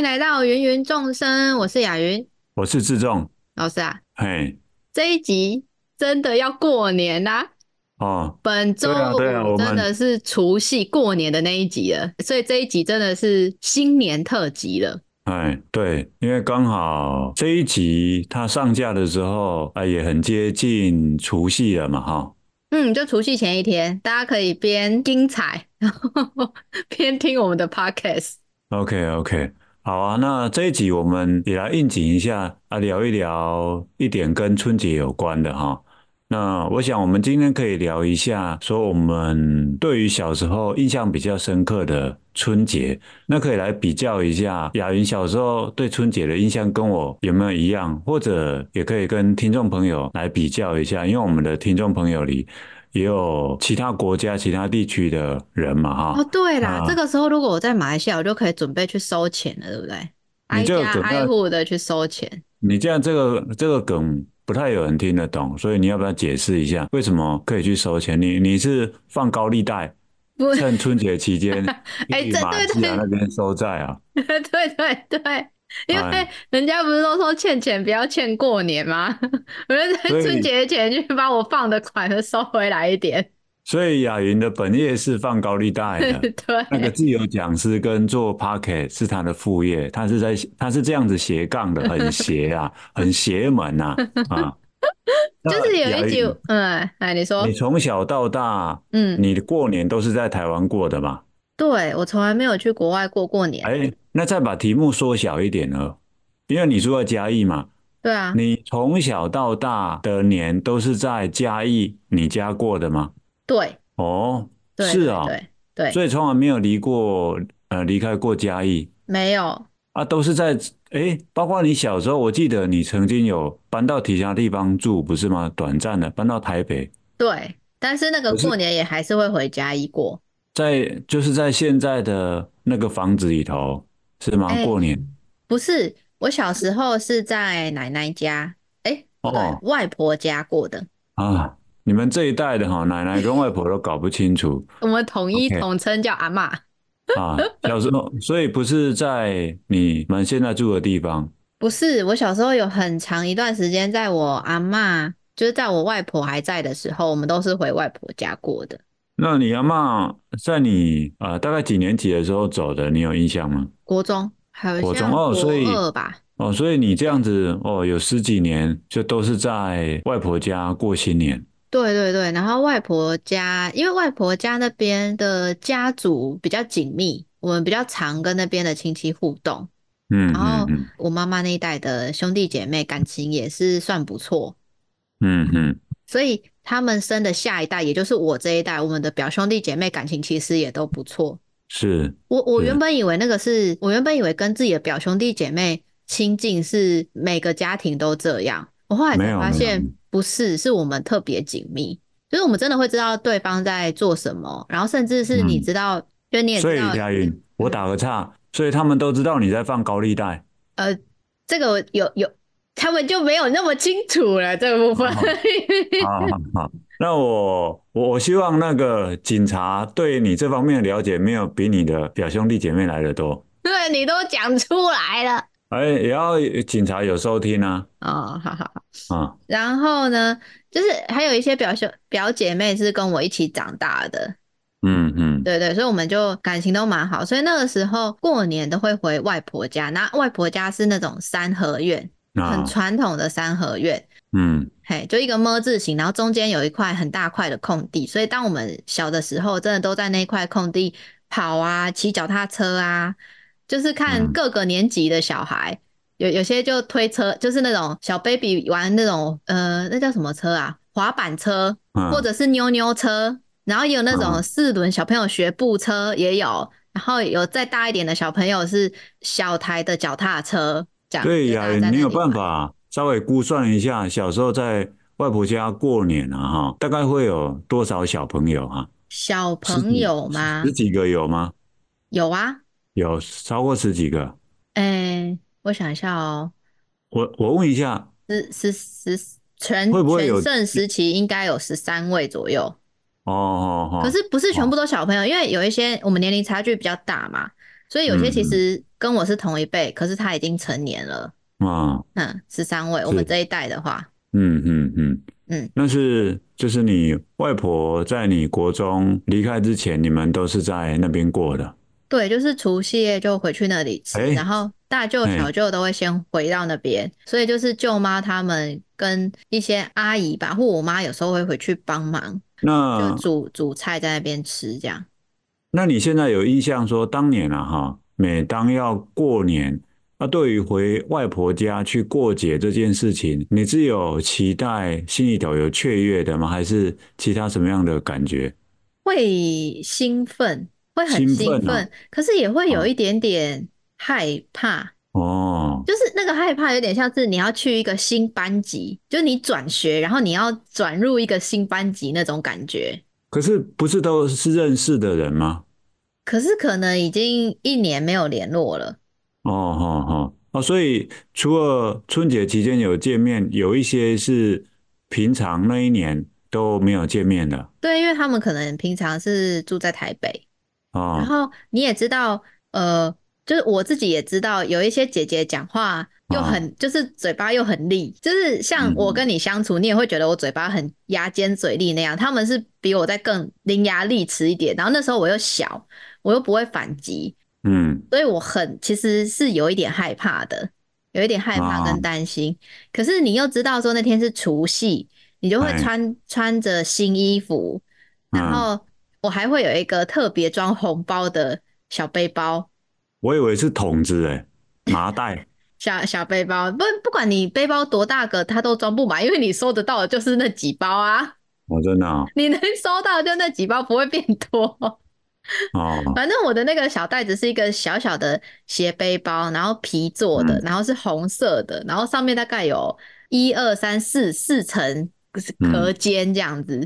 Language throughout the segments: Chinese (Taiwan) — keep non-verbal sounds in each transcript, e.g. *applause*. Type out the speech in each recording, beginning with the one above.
歡迎來到芸芸眾生，我是雅云，我是志仲老師啊。嘿，這一集真的要過年啦、啊！哦，本周五真的是除夕過年的那一集了，啊啊、我所以這一集真的是新年特輯了。哎，對，因為剛好這一集它上架的時候，哎、啊，也很接近除夕了嘛，哈、哦。嗯，就除夕前一天，大家可以邊精彩，然後邊聽我們的 podcast。OK OK。好啊，那這一集我們也來應景一下啊，聊一聊一點跟春節有關的哈。那我想我們今天可以聊一下，說我們對於小時候印象比較深刻的春節，那可以來比較一下雅云小時候對春節的印象跟我有沒有一樣，或者也可以跟聽眾朋友來比較一下，因為我們的聽眾朋友裡。也有其他國家、其他地區的人嘛，哈。哦，對啦，啊、這個時候如果我在馬來西亞，我就可以準備去收錢了，對不對？挨家挨戶的去收錢。你這樣這個這個梗不太有人聽得懂，所以你要不要解釋一下，為什麼可以去收錢？你你是放高利貸，趁春節期間去不、 *laughs* 欸、這馬來西亞那邊收債啊？ *laughs* 對，對對對。因為人家不是都說欠錢不要欠過年嗎？我在春節前就把我放的款都收回來一點。所以雅雲的本業是放高利貸的，對。那個自由講師跟做 Pocket 是他的副業，他是在他是這樣子斜槓的，很邪啊，很邪、啊、 *laughs* 門吶啊，啊。就是有一句雲，嗯，哎，你說你從小到大，嗯，你的過年都是在台灣過的嗎？對，我從來沒有去國外過過年。那再把題目縮小一點哦，因為你住在嘉義嘛。對啊，你從小到大的年都是在嘉義你家過的嗎？對。哦，對是啊、哦，對，對對，對。所以從來沒有離過，呃，離開過嘉義？沒有啊，都是在，哎、欸，包括你小時候，我記得你曾經有搬到其他地方住，不是嗎？短暫的搬到台北，對，但是那個過年是也還是會回嘉義過，在就是在現在的那個房子裡頭。是嘛？過年、欸、不是，我小時候是在奶奶家，哎、欸，對、哦、外婆家過的啊。你們這一代的哈，奶奶跟外婆都搞不清楚。 *laughs* 我們統一統稱叫阿嬤、okay。啊，小時候，所以不是在你們現在住的地方？ *laughs* 不是，我小時候有很長一段時間，在我阿嬤，就是在我外婆還在的時候，我們都是回外婆家過的。那你阿嬤在你呃大概幾年級的時候走的？你有印象嗎？國中，還有國，國中二，哦，所以二吧。哦，所以你這樣子哦，有十幾年就都是在外婆家過新年。對對對，然後外婆家，因為外婆家那邊的家族比較緊密，我們比較常跟那邊的親戚互動。嗯，嗯嗯，然後我媽媽那一代的兄弟姐妹感情也是算不錯，嗯。嗯哼。所以他們生的下一代，也就是我這一代，我們的表兄弟姐妹感情其實也都不錯。是我我原本以為那個是，是我原本以為跟自己的表兄弟姐妹親近是每個家庭都這樣，我後來發現不是，是我們特別緊密，沒有沒有，就是我們真的會知道對方在做什麼，然後甚至是你知道，嗯、知道所以，亞云，我打個岔，所以他們都知道你在放高利貸。呃，這個有有。他們就沒有那麼清楚了這個、部分。好、 *laughs* 啊，好，啊啊啊，那我，我希望那個警察對你這方面的了解沒有比你的表兄弟姐妹來得多。對，你都講出來了。哎、欸，也要警察有收聽啊。哦、啊，好好好，嗯、啊。然後呢，就是還有一些表兄表姐妹是跟我一起長大的。嗯嗯，嗯對，對對，所以我們就感情都蠻好，所以那個時候過年都會回外婆家，那外婆家是那種三合院。很傳統的三合院，嗯，嘿，就一個 ㄇ 字形，然後中間有一塊很大塊的空地，所以當我們小的時候，真的都在那塊空地跑啊，騎腳踏車啊，就是看各個年級的小孩，嗯、有有些就推車，就是那種小 baby 玩那種，呃，那叫什麼車啊？滑板車，嗯、或者是扭扭車，然後也有那種四輪小朋友學步車也有，嗯、然後有再大一點的小朋友是小台的腳踏車。對呀，你有辦法稍微估算一下，小時候在外婆家過年啊，哈，大概會有多少小朋友啊？小朋友嗎？十幾個有嗎？有啊，有超過十幾個。哎、欸，我想一下哦。我我問一下，十十十全會會全盛時期應該有十三位左右。哦哦哦。可是不是全部都小朋友，哦、因為有一些我們年齡差距比較大嘛。所以有些其實跟我是同一輩，嗯、可是他已經成年了。啊哇，嗯，十三位，是我們這一代的話，嗯嗯嗯嗯，嗯嗯嗯那是就是你外婆在你國中離開之前，你們都是在那邊過的。對，就是除夕夜就回去那裡吃，欸、然後大舅小舅都會先回到那邊，欸、所以就是舅媽他們跟一些阿姨吧，或我媽有時候會回去幫忙，那就煮煮菜在那邊吃這樣。那你現在有印象說當年啊，哈，每當要過年啊，對於回外婆家去過節這件事情，你是有期待，心裡頭有雀躍的嗎？還是其他什麼樣的感覺？會興奮，會很興奮，興奮哦、可是也會有一點點害怕哦。就是那個害怕，有點像是你要去一個新班級，就是、你轉學，然後你要轉入一個新班級那種感覺。可是不是都是認識的人嗎？可是可能已經一年沒有聯絡了。哦，哦、哦、哦哦，所以除了春節期間有見面，有一些是平常那一年都沒有見面的。對，因為他們可能平常是住在台北。哦。然後你也知道，呃，就是我自己也知道，有一些姐姐講話。又很，啊，就是嘴巴又很利，就是像我跟你相處，嗯、你也會覺得我嘴巴很牙尖嘴利那樣。他們是比我再更伶牙俐齒一點，然後那時候我又小，我又不會反擊，嗯，所以我很其實是有一點害怕的，有一點害怕跟擔心。啊，可是你又知道說那天是除夕，你就會穿唉穿着新衣服，然後我還會有一個特別裝紅包的小背包。我以為是桶子哎、欸，麻袋。小小背包，不，不管你背包多大個，它都裝不滿，因為你收得到的就是那幾包啊。我、哦、真的、哦，你能收到的就那幾包，不會變多。哦，反正我的那個小袋子是一個小小的斜背包，然後皮做的，然後是紅色的，嗯、然後上面大概有一二三四四層，就是隔間這樣子。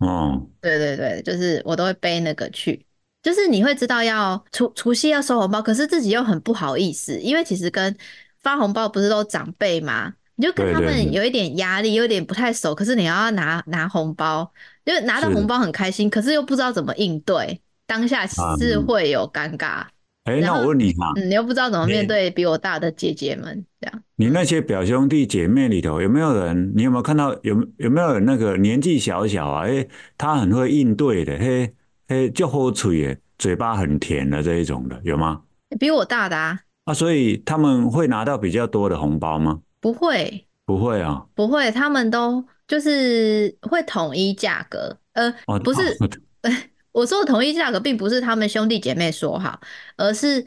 嗯，哦、對對對，就是我都會背那個去，就是你會知道要除除夕要收紅包，可是自己又很不好意思，因為其實跟發紅包不是都長輩嘛？你就跟他們有一點壓力，對對對，有一點不太熟。可是你要拿拿紅包，就拿到紅包很開心，是可是又不知道怎麼應對，當下是會有尷尬。哎，那我問你嘛、啊嗯,你又不知道怎麼面對比我大的姐姐們，這樣。你那些表兄弟姐妹裡頭有沒有人？嗯、你有沒有看到有有沒有人那個年紀小小啊？哎、欸，他很會應對的，嘿、欸、嘿，就好吹，嘴巴很甜的這一種的，有嗎？比我大的啊。啊，所以他們會拿到比較多的紅包嗎？不會，不會啊、哦，不會。他們都就是會統一價格，呃，哦、不是、哦呃，我說的統一價格，並不是他們兄弟姐妹說好，而是、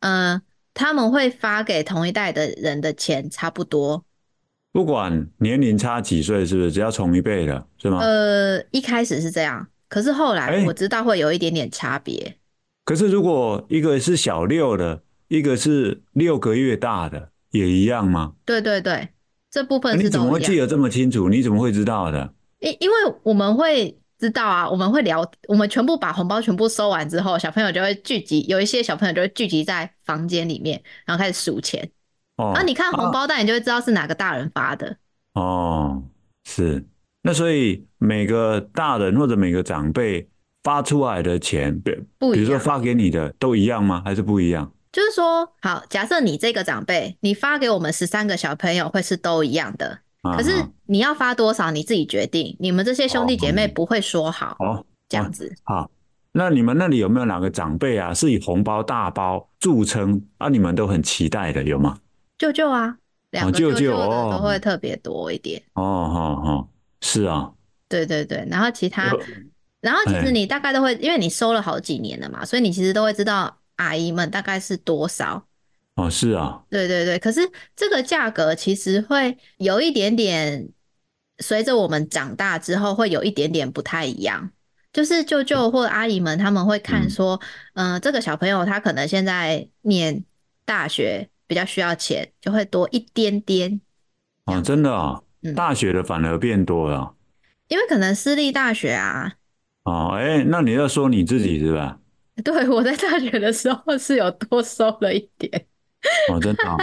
呃，他們會發給同一代的人的錢差不多，不管年齡差幾歲，是不是？只要同一輩的，是嗎？呃，一開始是這樣，可是後來我知道會有一點點差別。欸、可是如果一個是小六的，一個是六個月大的，也一樣嗎？對對對，這部分是、啊、你怎麼會記得這麼清楚？你怎麼會知道的？因因為我們會知道啊，我們會聊，我們全部把紅包全部收完之後，小朋友就會聚集，有一些小朋友就會聚集在房間裡面，然後開始數錢。那、哦、你看紅包袋，啊、但你就會知道是哪個大人發的。哦，是。那所以每個大人或者每個長輩發出來的錢，比比如說，發給你的，都一樣嗎？還是不一樣？就是說，好，假設你這個長輩，你發給我們十三個小朋友會是都一樣的，啊、可是你要發多少你自己決定。啊、你們這些兄弟姐妹不會說好，啊、這樣子。好、啊，那你們那裡有沒有哪個長輩啊是以紅包大包著稱啊？你們都很期待的，有嗎？舅舅啊，兩個舅舅的都會特別多一點。哦、啊，好、啊、好、啊啊，是啊。對對對，然後其他，然後其實你大概都會，因為你收了好幾年了嘛，所以你其實都會知道。阿姨們大概是多少？哦，是啊，對對對。可是這個價格其實會有一點點，隨着我們長大之後會有一點點不太一樣。就是舅舅或阿姨們他們會看說，嗯、呃，這個小朋友他可能現在念大學比較需要錢，就會多一點點。啊、哦，真的啊、哦，嗯、大學的反而變多了、哦，因為可能私立大學啊。哦，哎、欸，那你要說你自己是吧？對，我在大學的時候是有多收了一點，哦，真的哦，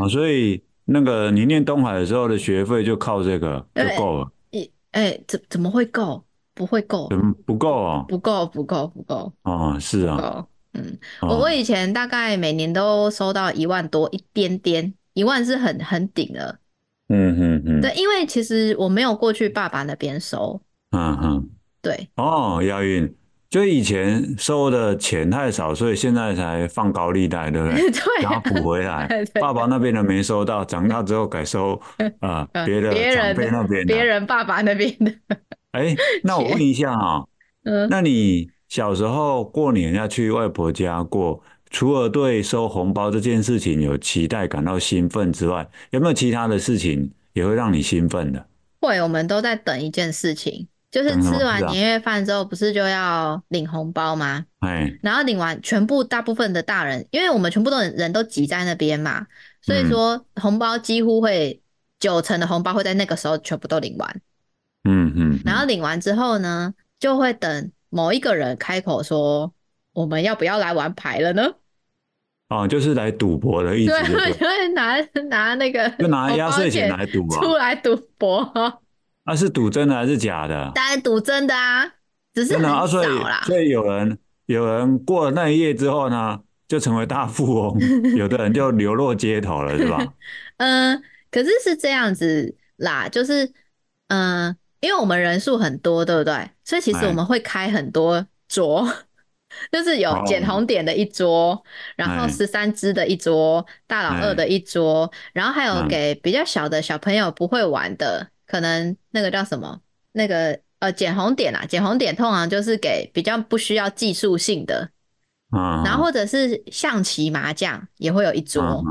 *laughs* 哦，所以那個你念東海的時候的學費就靠這個、欸、就夠了，哎、欸，哎、欸，怎怎麼會夠？不會夠？怎麼不夠啊、哦？不夠，不夠，不夠，啊、哦，是啊，嗯，我、哦、我以前大概每年都收到一萬多，一點點，一萬是很很頂的嗯嗯嗯，對，因為其實我沒有過去爸爸那邊收，嗯哼，對，哦，要運。就以前收的錢太少，所以現在才放高利貸，對不對？然後補回來。 *laughs* *laughs* 爸爸那邊的沒收到，長大之後改收啊，別、呃、 *laughs* 的別人那邊、別人爸爸那邊的。哎、 *laughs* 欸，那我問一下啊、喔， *laughs* 嗯、那你小時候過年要去外婆家過，除了對收紅包這件事情有期待、感到興奮之外，有沒有其他的事情也會讓你興奮的？會，我們都在等一件事情。就是吃完年夜飯之後，不是就要領紅包嗎？嗯、然後領完全部大部分的大人，因為我們全部的人都擠在那邊嘛，嗯、所以說紅包幾乎會九成的紅包會在那個時候全部都領完。嗯,嗯,嗯，然後領完之後呢，就會等某一個人開口說，我們要不要來玩牌了呢？哦，就是來賭博的意思、就是。對，就會拿拿那個，就拿壓歲錢來賭啊，出來賭博。他、啊、是賭真的還是假的？當然賭真的啊，只是很少啦。嗯、然後所以，所以有人有人過了那一夜之後呢，就成為大富翁； *laughs* 有的人就流落街頭了，對吧？ *laughs* 嗯，可是是這樣子啦，就是嗯，因為我們人數很多，對不對？所以其實我們會開很多桌，唉 *laughs* 就是有撿紅點的一桌，唉然後十三支的一桌，大老二的一桌，唉然後還有給比較小的小朋友不會玩的。可能那個叫什麼？那個呃，撿紅點啦、啊，撿紅點通常就是給比較不需要技術性的，啊、uh huh. 然後或者是象棋、麻將也會有一桌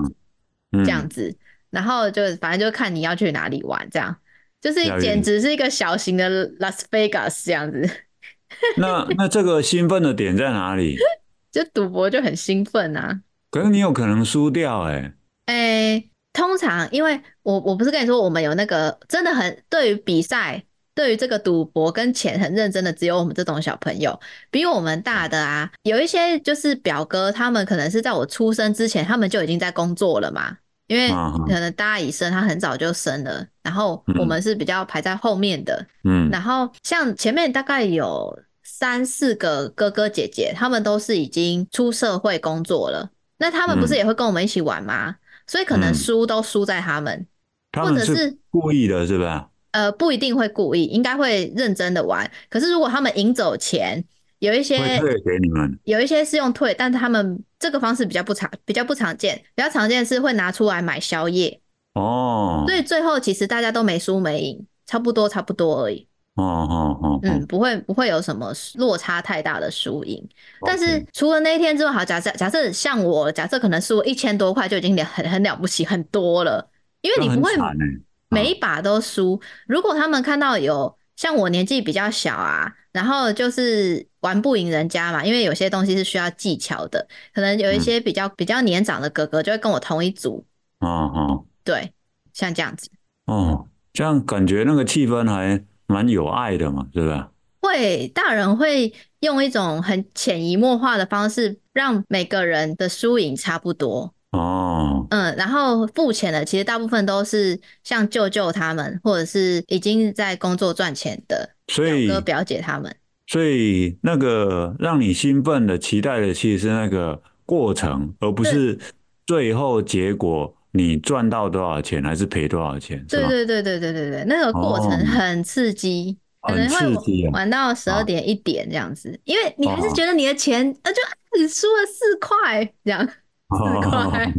這樣子，uh huh. 嗯、然後就反正就看你要去哪裡玩，這樣，就是簡直是一個小型的拉斯維加斯這樣子。 *laughs* 那那這個興奮的點在哪裡？ *laughs* 就賭博就很興奮啊，可是你有可能輸掉哎、欸、哎。欸通常，因為我我不是跟你說，我們有那個真的很對於比賽，對於這個賭博跟錢很認真的，只有我們這種小朋友。比我們大的啊，有一些就是表哥，他們可能是在我出生之前，他們就已經在工作了嘛。因為可能大姨生他很早就生了，然後我們是比較排在後面的。嗯，然後像前面大概有三四個哥哥姐姐，他們都是已經出社會工作了。那他們不是也會跟我們一起玩嗎？所以可能輸都輸在他們，或者、嗯、是故意的，是吧？呃，不一定會故意，應該會認真的玩。可是如果他們贏走錢，有一些會退給你們，有一些是用退，但他們這個方式比較不常、比較不常見。比較常見的是會拿出來買宵夜哦。所以最後其實大家都沒輸沒贏，差不多差不多而已。哦哦嗯嗯，不會不會有什麼落差太大的輸贏，Okay. 但是除了那一天之外，好，假設假設像我，假設可能輸一千多塊就已經很很了不起很多了，因為你不會每一把都輸。欸、如果他們看到有像我年紀比較小啊，然後就是玩不贏人家嘛，因為有些東西是需要技巧的，可能有一些比較、嗯、比較年長的哥哥就會跟我同一組。哦哦好，對，像這樣子。哦，這樣感覺那個氣氛還蠻有愛的嘛，是不是？會，大人會用一種很潛移默化的方式，讓每個人的輸贏差不多哦。嗯，然後付錢的其實大部分都是像舅舅他們，或者是已經在工作賺錢的，所以表姐他們，所以那個讓你興奮的、期待的，其實是那個過程，而不是最後結果。你賺到多少錢還是賠多少錢？對對對對對對對，那個過程很刺激，很刺激，玩到十二點一點這樣子，oh. 因為你還是覺得你的錢，呃，oh. 就只輸了四塊這樣，四塊、oh. 塊，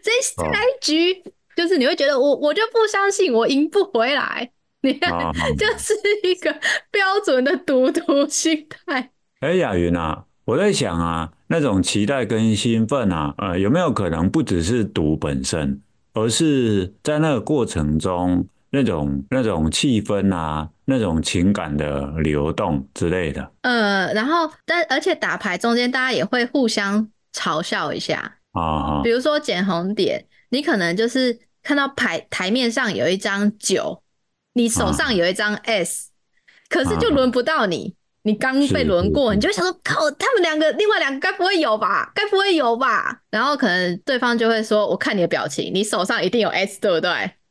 再再來一局，就是你會覺得我我就不相信我贏不回來，你看，oh. 就是一個標準的賭徒心態。哎，雅雲啊。我在想啊，那種期待跟興奮啊，呃，有沒有可能不只是賭本身，而是在那個過程中那種那種氣氛啊，那種情感的流動之類的。呃，然後但而且打牌中間大家也會互相嘲笑一下啊，哦哦比如說撿紅點，你可能就是看到牌台面上有一張九，你手上有一張 S，哦，可是就輪不到你。哦你剛被輪過，你就想說，靠，他們兩個另外兩個該不會有吧？該不會有吧？然後可能對方就會說，我看你的表情，你手上一定有 S，對不對？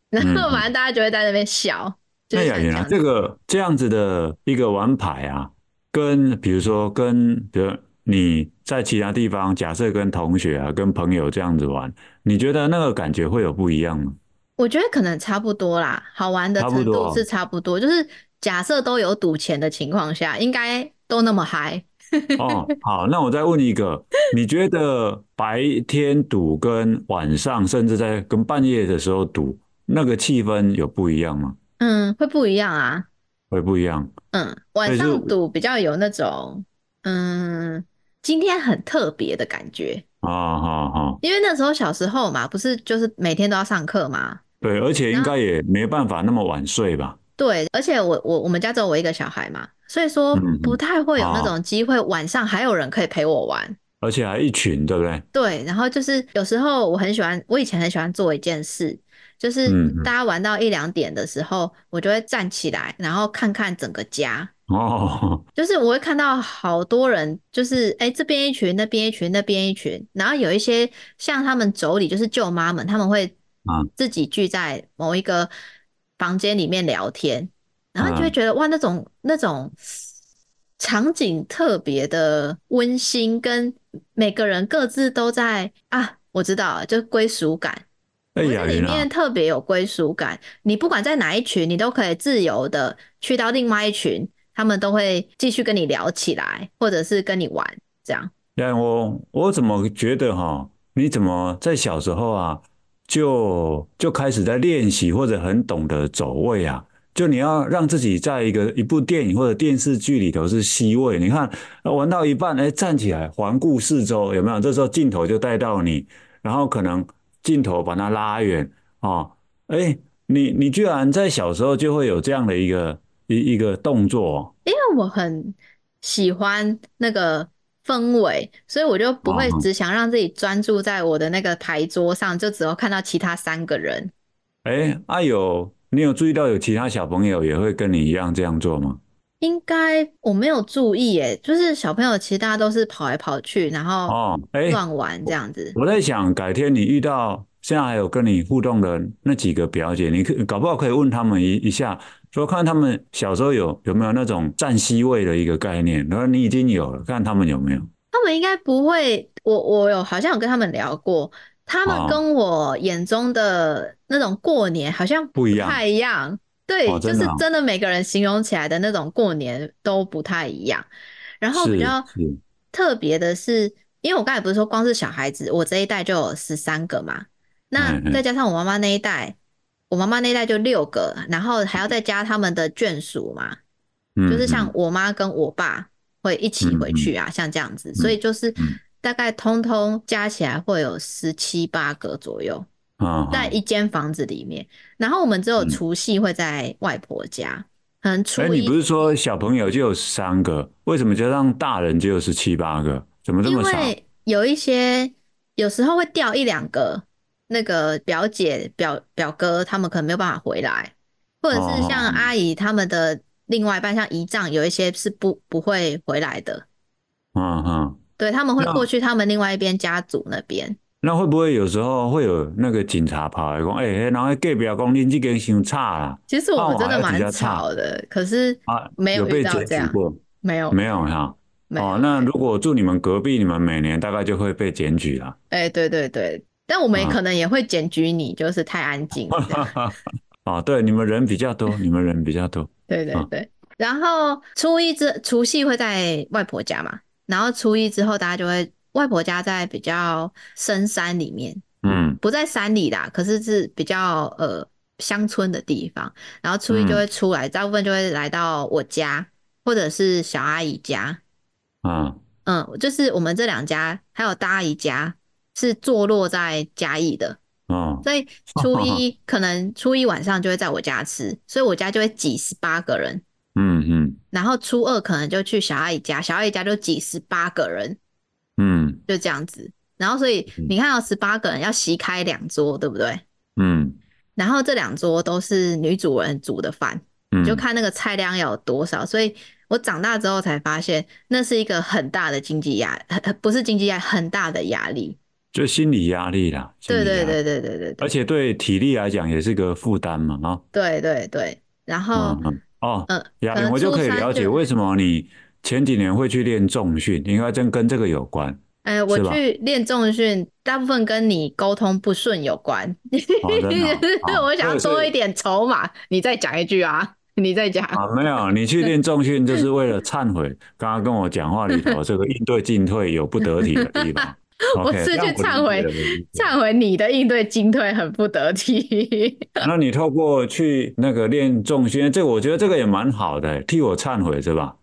然後反正大家就會在那邊笑。哎呀，原來這個這樣子的一個玩牌啊，跟比如說跟比如你在其他地方假設跟同學啊、跟朋友這樣子玩，你覺得那個感覺會有不一樣嗎？我覺得可能差不多啦，好玩的程度是差不多，就是。假設都有賭錢的情況下，應該都那麼嗨。 *laughs* 哦，好，那我再問一個，你覺得白天賭跟晚上， *laughs* 甚至在跟半夜的時候賭，那個氣氛有不一樣嗎？嗯，會不一樣啊，會不一樣。嗯，晚上賭比較有那種，嗯，今天很特別的感覺。啊好好，哦哦、因為那時候小時候嘛，不是就是每天都要上課嘛。對，而且應該也沒辦法那麼晚睡吧。對，而且我我我們家只有我一個小孩嘛，所以說不太會有那種機會，晚上還有人可以陪我玩，嗯哦、而且還一群，對不對？對，然後就是有時候我很喜歡，我以前很喜歡做一件事，就是大家玩到一兩點的時候，嗯嗯、我就會站起來，然後看看整個家哦，就是我會看到好多人，就是哎這邊一群，那邊一群，那邊一群，然後有一些像他們妯娌，就是舅媽們，他們會自己聚在某一個。房間裡面聊天，然後你就會覺得、啊、哇，那種那種場景特別的溫馨，跟每個人各自都在啊，我知道，就歸屬感。哎呀呀，啊、裡面特別有歸屬感，你不管在哪一群，你都可以自由的去到另外一群，他們都會繼續跟你聊起來，或者是跟你玩這樣。這我，我怎麼覺得哈？你怎麼在小時候啊？就就開始在練習或者很懂得走位啊，就你要讓自己在一個一部電影或者電視劇裡頭是 c 位，你看玩到一半，哎、欸，站起來環顧四周，有沒有？這時候鏡頭就帶到你，然後可能鏡頭把它拉遠啊，哎、哦欸，你你居然在小時候就會有這樣的一個一一個動作、哦，因為我很喜歡那個。氛圍，所以我就不會只想讓自己專注在我的那個牌桌上，哦、就只有看到其他三個人。哎、欸，阿、啊、友，你有注意到有其他小朋友也會跟你一樣這樣做嗎？應該我沒有注意、欸，哎，就是小朋友其實大家都是跑來跑去，然後哦，亂玩這樣子。哦欸、我，我在想，改天你遇到現在還有跟你互動的那幾個表姐，你可以你搞不好可以問他們一一下。說看他們小時候有有沒有那種佔席位的一個概念，然後你已經有了，看他們有沒有？他們應該不會。我我有好像有跟他們聊過，他們跟我眼中的那種過年好像不太一樣。不一樣對，哦啊、就是真的每個人形容起來的那種過年都不太一樣。然後比較特別的是，是是因為我剛才不是說光是小孩子，我這一代就有十三個嘛，那再加上我媽媽那一代。哎哎我媽媽那代就六個，然後還要再加他們的眷屬嘛，嗯、就是像我媽跟我爸會一起回去啊，嗯、像這樣子，嗯、所以就是大概通通加起來會有十七八個左右，嗯、在一間房子裡面。嗯、然後我們只有除夕會在外婆家，嗯、可能除……哎，你不是說小朋友就有三個，為什麼就讓大人就有十七八個？怎麼這麼少？因為有一些有時候會掉一兩個。那個表姐、表表哥，他們可能沒有辦法回來，或者是像阿姨他們的另外一半，像姨丈，有一些是不不會回來的。嗯哼，對，他們會過去他們另外一邊家族那邊。那會不會有時候會有那個警察跑來講？哎，然後隔壁講你這邊太吵了。其實我們真的蠻吵的，可是啊，沒有被檢舉過，沒有，沒有，哦，那如果住你們隔壁，你們每年大概就會被檢舉了。哎，對對對,對。但我們也可能也會檢舉你，就是太安靜了。啊，對，你們人比較多，你們人比較多。 *laughs* 對對對。啊、然後初一之除夕會在外婆家嘛，然後初一之後大家就會外婆家在比較深山裡面，嗯，不在山裡啦，可是是比較呃鄉村的地方。然後初一就會出來，大部分就會來到我家或者是小阿姨家。嗯嗯，嗯、就是我們這兩家還有大阿姨家。是坐落在嘉義的，哦、所以初一、哦、可能初一晚上就會在我家吃，所以我家就會擠十八個人，嗯嗯，嗯然後初二可能就去小阿姨家，小阿姨家就擠十八個人，嗯，就這樣子，然後所以你看到十八個人要席開兩桌，對不對？嗯，然後這兩桌都是女主人煮的飯，嗯、就看那個菜量要有多少，所以我長大之後才發現，那是一個很大的經濟壓力，不是經濟壓，很大的壓力。就心理壓力啦，力對對對對對對，對，而且對體力來講也是個負擔嘛，啊、哦，對對對，然後嗯嗯哦嗯力，我就可以了解為什麼你前幾年會去練重訓，應該真跟這個有關，哎、欸，我去練重訓吧大部分跟你溝通不順有關，哈、哦哦、 *laughs* 我想要多一點籌碼，以你再講一句啊，你再講、啊，沒有，你去練重訓就是為了懺悔，剛剛跟我講話裡頭這個應對進退有不得體的地方。 *laughs* Okay, 我是，不是去懺悔，懺悔你的應對進退很不得體。 *laughs* *laughs* 那你透過去那個練中心，這我覺得這個也蠻好的，欸，替我懺悔是吧？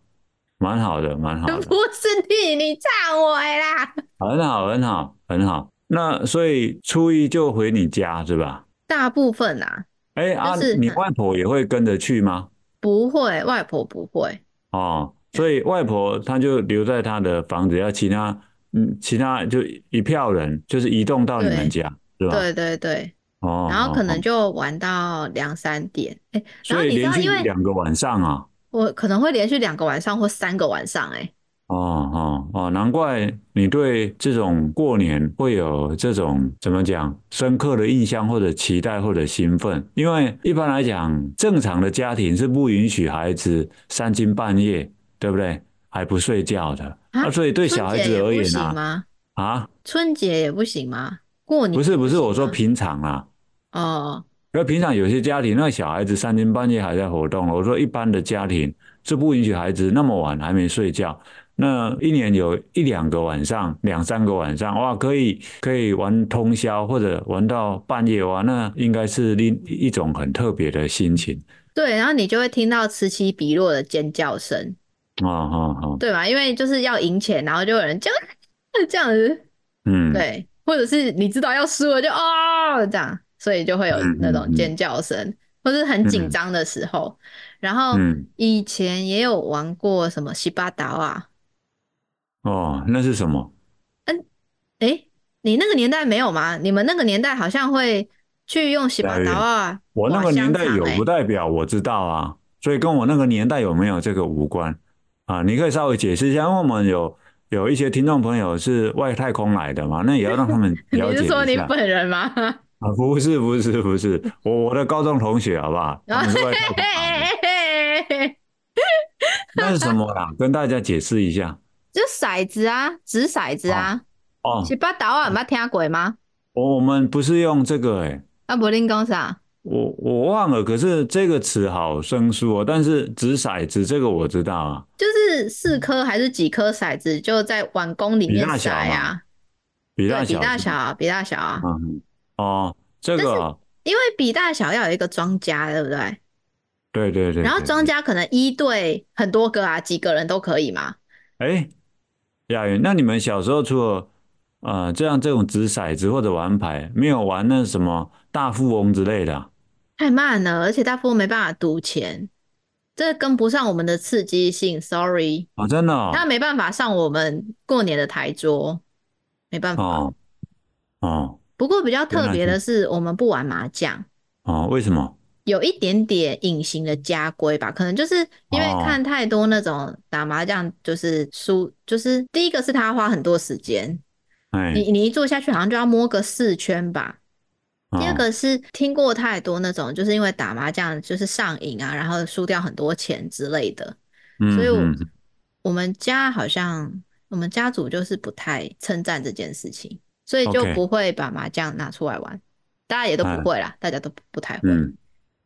蠻好的，蠻好的。不是替你懺悔啦。很好，很好，很好。那所以初一就回你家是吧？大部分啊。哎，欸就是，啊，你外婆也會跟着去嗎？不會，外婆不會。哦，所以外婆她就留在她的房子，要其他。嗯，其他就一票人就是移動到你們家，對是吧？對對對。哦。然後可能就玩到兩三點，哎，所以連續兩個晚上啊。因為我可能會連續兩個晚上或三個晚上、欸，哎、哦。哦哦哦，難怪你對這種過年會有這種怎麼講深刻的印象或者期待或者興奮，因為一般來講正常的家庭是不允許孩子三更半夜，對不對？還不睡覺的。啊，所以對小孩子而言呢、啊？啊，春節也，、啊、也不行嗎？過年不，不是不是，我說平常啊。哦。因為平常有些家庭，那個、小孩子三更半夜還在活動。我說一般的家庭是不允許孩子那麼晚還沒睡覺。那一年有一兩個晚上，兩三個晚上，哇，可以可以玩通宵，或者玩到半夜玩。那應該是另一種很特別的心情。對，然後你就會聽到此起彼落的尖叫聲。哦哦哦，哦哦對吧，因為就是要贏錢，然後就有人就這,這樣子，嗯，對，或者是你知道要輸了就啊這樣，所以就會有那種尖叫聲，嗯嗯、或是很緊張的時候。嗯、然後以前也有玩過什麼西巴達啊，哦，那是什麼？嗯，誒、欸，你那個年代沒有嗎？你們那個年代好像會去用西巴達啊？我那個年代有，不代表我知道啊，所以跟我那個年代有沒有這個無關。啊，你可以稍微解釋一下，因為我們有有一些聽眾朋友是外太空來的嘛，那也要讓他們了解一下。 *laughs* 你是說你本人嗎？啊、不是不是不是，我我的高中同學，好不好？是 *laughs* *laughs* 那是什麼啦？跟大家解釋一下。就骰子啊，紙骰子啊。哦。七八搗啊，你、沒、聽過嗎、哦？我們不是用這個哎、欸。伯林公司啊我我忘了，可是這個詞好生疏哦，但是擲骰子這個我知道啊，就是四顆還是幾顆骰子，就在碗公裡面擲呀、啊，比大小，比大小，啊比大小啊。嗯、啊、嗯。哦，這個，因為比大小要有一個莊家，對不對？對對對，對對對。然後莊家可能一對很多個啊，幾個人都可以嘛。哎、欸，亞雲，那你們小時候除了、呃、這樣這種擲骰子或者玩牌，沒有玩那什麼大富翁之類的、啊？太慢了，而且大富翁沒辦法賭錢，這跟不上我們的刺激性。Sorry 啊，oh, 真的、哦，他沒辦法上我們過年的台桌，沒辦法。哦。Oh. Oh. 不過比較特別的是，我們不玩麻將。哦，oh, 為什麼？有一點點隱形的家規吧，可能就是因為看太多那種打麻將，就是輸，oh. 就是第一個是他花很多時間。哎 Hey.。你你一坐下去，好像就要摸個四圈吧。第二個是聽過太多那種，好就是因為打麻將就是上癮啊，然後輸掉很多錢之類的，嗯嗯、所以我們家好像我們家族就是不太稱讚這件事情，所以就不會把麻將拿出來玩，okay, 大家也都不會啦，啊、大家都不，不太會嗯。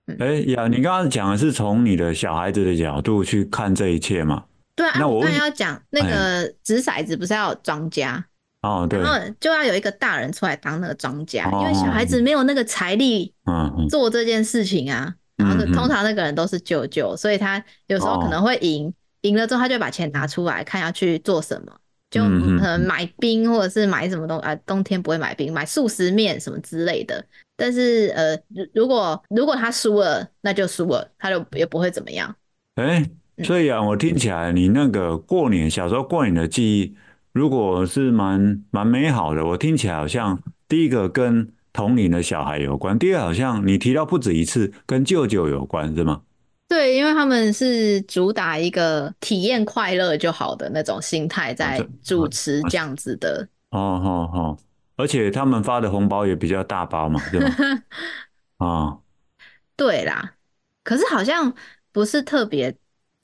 哎、嗯欸、呀，你剛剛講的是從你的小孩子的角度去看這一切嗎？對啊，那我問你剛剛要講那個擲骰子不是要有莊家？哎哦，然後就要有一個大人出來當那個莊家，哦、對、因為小孩子沒有那個財力，做這件事情啊。嗯嗯嗯、然後、嗯嗯、通常那個人都是舅舅，所以他有時候可能會贏，哦、贏了之後他就把錢拿出來看要去做什麼，就、嗯嗯、可能買冰或者是買什麼東西啊，冬天不會買冰，買速食麵什麼之類的。但是呃，如果如果他輸了，那就輸了，他就也不會怎麼樣。哎、欸，所以啊，嗯、我聽起來你那個過年、嗯、小時候過年的記憶。如果是蠻蠻美好的，我聽起來好像第一個跟同齡的小孩有關，第二好像你提到不止一次跟舅舅有關，是嗎？對，因為他們是主打一個體驗快樂就好的那種心態在主持這樣子的。哦，哦、啊，哦、啊啊啊啊啊啊，而且他們發的紅包也比較大包嘛，是嗎？啊， *laughs* 對啦，可是好像不是特別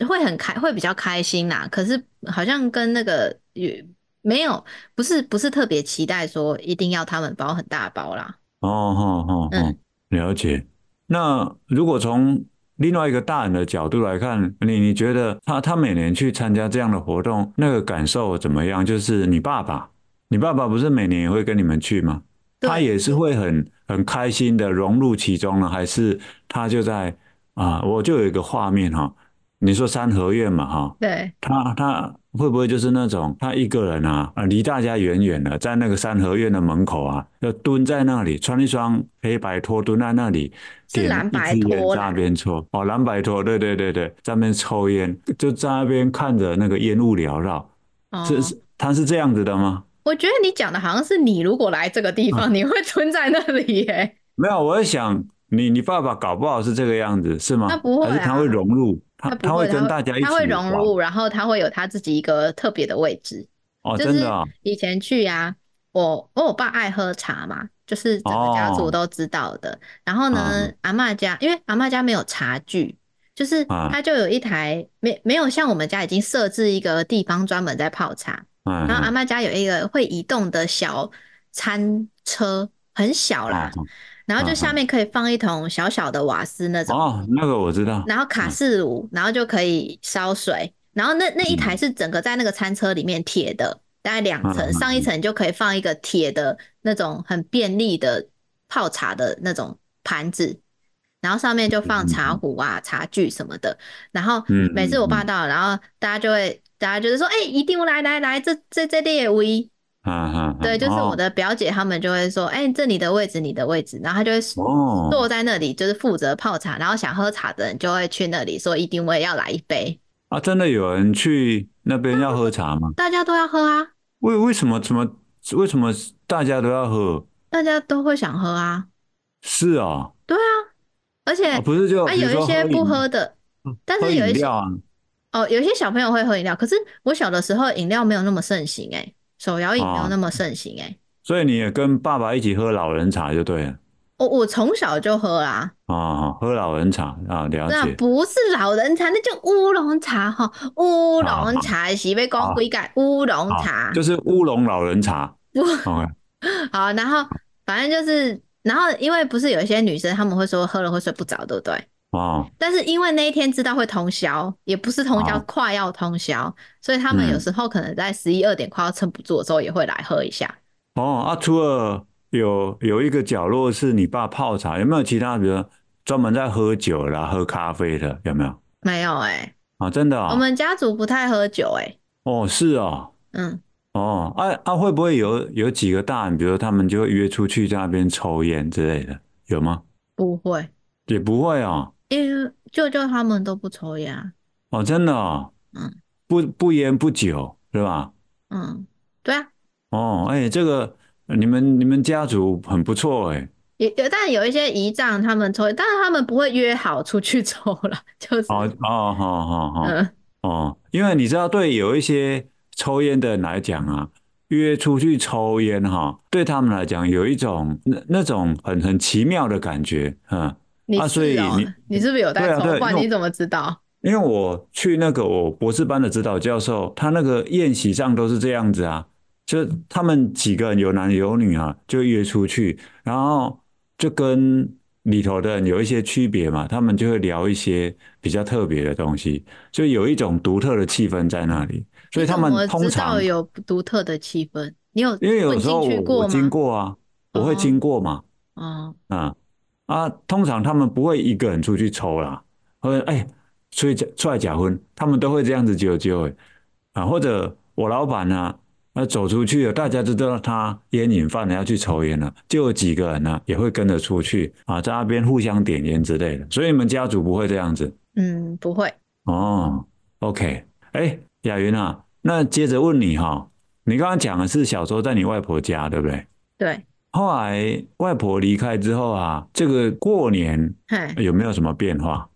會很開，會比較開心啦。可是好像跟那個也沒有，不是不是特別期待說一定要他們包很大包啦。哦，好、哦、好、哦，嗯，了解。那如果從另外一個大人的角度來看，你你覺得他他每年去參加這樣的活動，那個感受怎麼樣？就是你爸爸，你爸爸不是每年也會跟你們去嗎？對他也是會很很開心的融入其中呢，還是他就在啊？我就有一個畫面哈。你說三合院嘛，哈對，對他，他會不會就是那種他一個人啊，啊，離大家遠遠的，在那個三合院的門口啊，要蹲在那裡，穿一雙黑白拖蹲在那裡，點是藍白拖。在那邊抽哦，藍白拖，對對對對，在那邊抽煙，就在那邊看着那個煙霧繚繞，這、哦、是他是這樣子的嗎？我覺得你講的好像是你如果來這個地方，啊、你會蹲在那裡耶。沒有，我在想你，你爸爸搞不好是這個樣子，是嗎？他不會、啊，還是他會融入？他不會他，他會跟大家一起，他會融入，然後他會有他自己一個特別的位置。哦，真的。就是以前去呀、啊，我我我爸愛喝茶嘛，就是整個家族都知道的。哦、然後呢，嗯、阿嬤家因為阿嬤家沒有茶具，就是他就有一台、啊、沒沒有像我們家已經設置一個地方專門在泡茶。啊、然後阿嬤家有一個會移動的小餐車，很小啦。啊然後就下面可以放一桶小小的瓦斯那種哦，那個我知道。然後卡式爐，嗯、然後就可以燒水。然後那那一台是整個在那個餐車裡面鐵的，嗯、大概兩層，嗯、上一層就可以放一個鐵的那種很便利的泡茶的那種盤子，然後上面就放茶壺啊、嗯、茶具什麼的。然後每次我爸到了，嗯、然後大家就會，大家就是說，哎、嗯欸，一定來來來，這這這列的位。嗯哼，對，就是我的表姐他們就會說，哎，這你的位置，你的位置，然後他就會坐在那裡，就是負責泡茶，然後想喝茶的人就會去那裡說，一定我也要來一杯。啊，真的有人去那邊要喝茶嗎？大家都要喝啊。為為什麼怎麼為什麼大家都要喝？大家都會想喝啊。是啊。對啊，而且不是就啊有一些不喝的，但是有一些。哦，有一些小朋友會喝飲料，可是我小的時候飲料沒有那麼盛行，哎。手搖飲沒有那麼盛行哎、欸哦，所以你也跟爸爸一起喝老人茶就對了。哦、我我從小就喝啦、啊，啊、哦，喝老人茶啊，了解對、啊。不是老人茶，那就烏龍茶哈、哦，烏龍茶洗杯光杯蓋，哦、烏龍茶、哦、就是烏龍老人茶。 *laughs* Okay. 好，然後反正就是，然後因為不是有一些女生她們會說喝了會睡不着，對不對？哦，但是因為那一天知道會通宵，也不是通宵，快、哦、要通宵，所以他們有時候可能在十一二點快要撐不住的時候，也會來喝一下。哦，啊，除了有有一個角落是你爸泡茶，有沒有其他，比如說專門在喝酒啦、啊、喝咖啡的，有沒有？沒有哎、欸，啊，真的、哦，我們家族不太喝酒哎、欸。哦，是啊、哦，嗯，哦，啊啊，會不會有有幾個大人，比如說他們就會約出去在那邊抽煙之類的，有嗎？不會，也不會哦。因為、欸、舅舅他們都不抽煙、啊、哦，真的、哦，嗯，不不煙不酒，是吧？嗯，對啊。哦，哎、欸，這個你們你們家族很不錯哎、欸。有有，但有一些姨丈他們抽，但是他們不會約好出去抽了，就是。哦哦，好好好。哦，哦，嗯、哦，因為你知道，對有一些抽煙的人來講啊，約出去抽煙哈，對他們來講有一種那那種很很奇妙的感覺，嗯。哦、啊，所以你你是不是有帶頭冠？你怎麼知道？因為我去那個我博士班的指導教授，他那個宴席上都是這樣子啊，就他們幾個人有男有女啊，就約出去，然後就跟裡頭的人有一些區別嘛，他們就會聊一些比較特別的東西，就有一種獨特的氣氛在那裡。所以他們通常有獨特的氣氛，你有因為有時候我經過啊，哦、我會經過嘛，嗯啊，通常他們不會一個人出去抽啦，或者哎，出去出來結婚，他們都會這樣子就有機會啊，或者我老板呢、啊，呃、啊、走出去了，大家都知道他菸癮犯了要去抽菸了，就有幾個人呢、啊、也會跟着出去啊，在那邊互相點菸之類的，所以你們家族不會這樣子，嗯，不會。哦，OK，哎、欸，雅雲啊，那接着問你哈，你剛剛講的是小時候在你外婆家，對不對？對。後來外婆離開之後啊，這個過年有沒有什麼變化？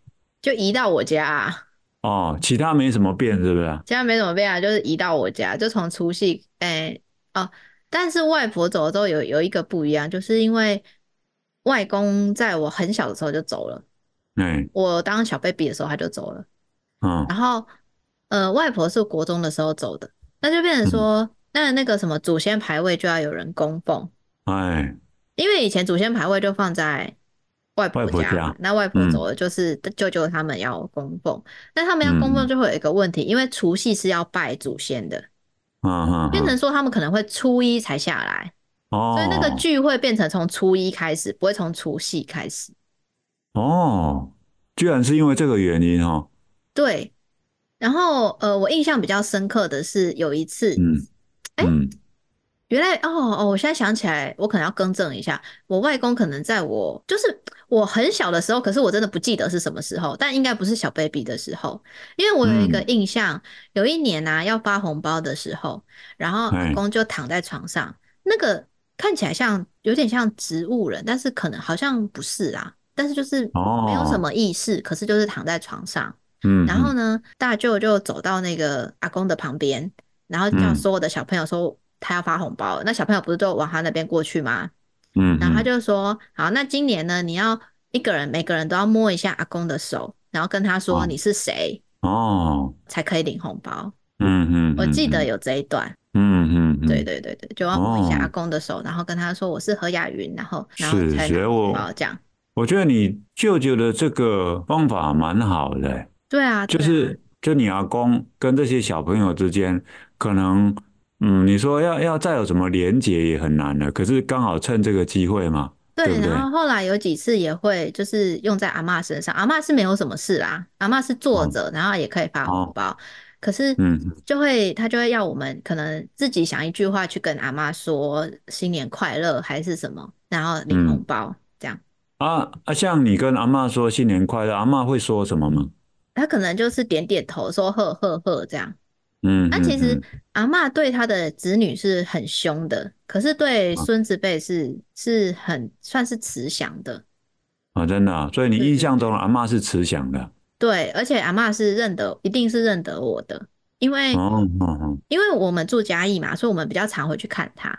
就移到我家啊。哦，其他沒什麼變，是不是？其他沒什麼變啊，就是移到我家，就從除夕誒、欸、哦。但是外婆走了之後，有有一個不一樣，就是因為外公在我很小的時候就走了，哎嘿，我當小 baby 的時候他就走了，嗯，然後呃外婆是國中的時候走的，那就變成說，嗯、那那個什麼祖先牌位就要有人供奉。哎，因為以前祖先牌位就放在外婆家，外婆家那外婆走了，就是舅舅他們要供奉。嗯、但他們要供奉，就會有一個問題，嗯、因為除夕是要拜祖先的，啊啊、變成說他們可能會初一才下來，哦、所以那個聚會變成從初一開始，不會從除夕開始。哦，居然是因為這個原因哈、哦？對。然後呃，我印象比較深刻的是有一次，嗯，哎、欸。嗯原來哦哦，我現在想起來，我可能要更正一下，我外公可能在我就是我很小的時候，可是我真的不記得是什麼時候，但應該不是小 baby 的時候，因為我有一個印象，嗯、有一年啊，要發紅包的時候，然後阿公就躺在床上，對那個看起來像有點像植物人，但是可能好像不是啦，但是就是沒有什麼意識，哦、可是就是躺在床上，嗯嗯然後呢，大舅就走到那個阿公的旁邊，然後叫所有的小朋友說。嗯他要發紅包，那小朋友不是都往他那邊過去嗎？嗯，嗯，然後他就說：“好，那今年呢，你要一個人，每個人都要摸一下阿公的手，然後跟他說你是誰哦，哦才可以領紅包。嗯”嗯嗯，我記得有這一段。嗯嗯嗯，對、嗯嗯、對對對，就要摸一下阿公的手，哦、然後跟他說我是何雅云，然後然後才領紅包。這樣我，我覺得你舅舅的這個方法蠻好的、欸對啊。對啊，就是就你阿公跟這些小朋友之間可能。嗯，你說要要再有什麼聯結也很難了，可是剛好趁這個機會嘛，對，對，對不對？然後後來有幾次也會，就是用在阿嬤身上。阿嬤是沒有什麼事啦，阿嬤是坐着，哦、然後也可以發紅包。哦、可是嗯，就會他就會要我們可能自己想一句話去跟阿嬤說新年快樂還是什麼，然後領紅包、嗯、這樣。啊啊，像你跟阿嬤說新年快樂，阿嬤會說什麼嗎？他可能就是點點頭，說呵呵呵這樣。嗯，那、嗯、其實阿媽對她的子女是很兇的，嗯、可是對孫子輩是、啊、是很算是慈祥的啊，真的、啊。所以你印象中阿媽是慈祥的對？對，而且阿媽是認得，一定是認得我的，因為、哦哦哦、因為我們住嘉義嘛，所以我們比較常回去看她。